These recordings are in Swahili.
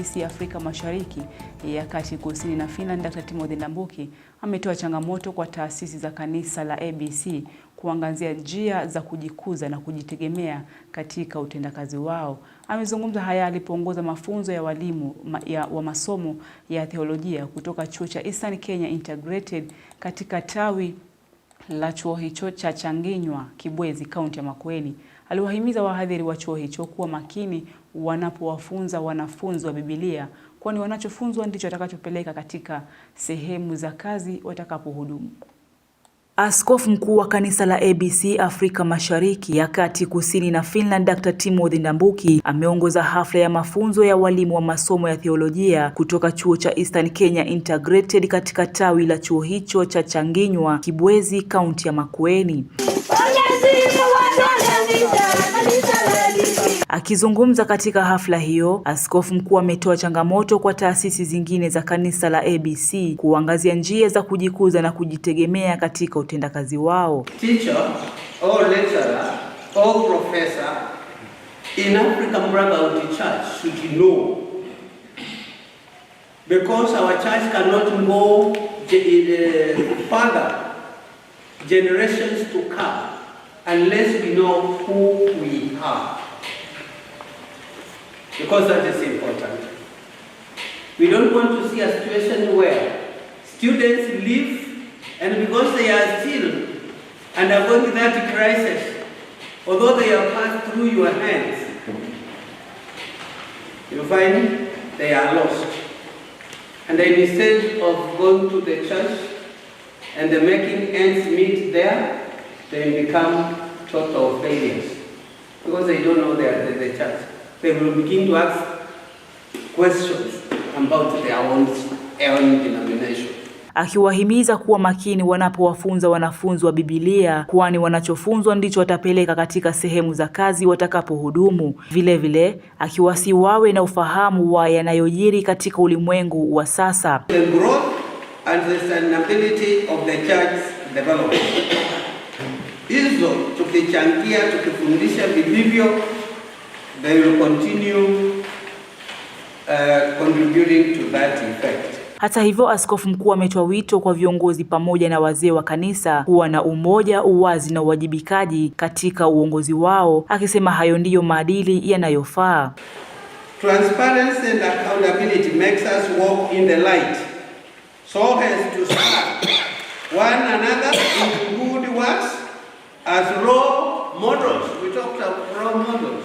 taasisi ya Afrika Mashariki ya Kati, Kusini na Finland, Dr. Timothy Ndambuki ametoa changamoto kwa taasisi za kanisa la ABC kuangazia njia za kujikuza na kujitegemea katika utendakazi wao. Amezungumza haya alipoongoza mafunzo ya walimu ya, wa masomo ya theolojia kutoka chuo cha Eastern Kenya Integrated katika tawi la chuo hicho cha Changinywa Kibwezi, kaunti ya Makueni. Aliwahimiza wahadhiri wa chuo hicho kuwa makini wanapowafunza wanafunzi wa Biblia, kwani wanachofunzwa ndicho watakachopeleka katika sehemu za kazi watakapohudumu. Askofu mkuu wa kanisa la ABC Afrika Mashariki ya Kati, Kusini na Finland, Dr. Timothy Ndambuki ameongoza hafla ya mafunzo ya walimu wa masomo ya theolojia kutoka chuo cha Eastern Kenya Integrated katika tawi la chuo hicho cha Changinywa, Kibwezi, kaunti ya Makueni. Akizungumza katika hafla hiyo, askofu mkuu ametoa changamoto kwa taasisi zingine za kanisa la ABC kuangazia njia za kujikuza na kujitegemea katika utendakazi wao. Eh, generations to come unless we know who we are. because that is important. We don't want to see a situation where students leave and because they are still undergoing that crisis, although they are passed through your hands, you find they are lost. And instead of going to the church and the making ends meet there, they become total failures because they don't know they are the, the church. they will begin to ask questions about their own, own denomination. Akiwahimiza kuwa makini wanapowafunza wanafunzi wa Biblia, kwani wanachofunzwa ndicho watapeleka katika sehemu za kazi watakapohudumu. Vilevile akiwasi wawe na ufahamu wa yanayojiri katika ulimwengu wa sasa. The growth and the sustainability of the church development. Hizo tukichangia tukifundisha vilivyo they will continue uh, contributing to that effect. Hata hivyo, askofu mkuu ametoa wito kwa viongozi pamoja na wazee wa kanisa kuwa na umoja, uwazi na uwajibikaji katika uongozi wao, akisema hayo ndiyo maadili yanayofaa. Transparency and accountability makes us walk in the light so as to serve one another in good works as role models. We talked about role models.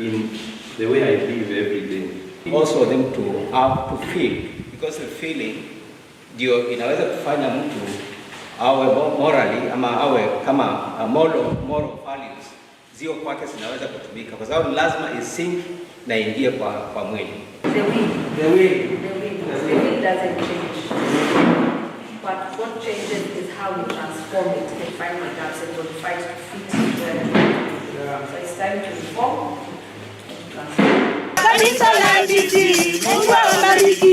in the way I live every day. Also them to have to feel because the feeling ndio inaweza kufanya mtu awe morally ama awe kama uh, moral, moral values zio kwake zinaweza kutumika kwa sababu lazima isink na ingie kwa kwa mwili. The will. The will. The will doesn't change. But what changes is how we transform it and find ourselves and fight to fit it yeah. So it's time to reform. Bariki, Bariki, Bariki, Bariki,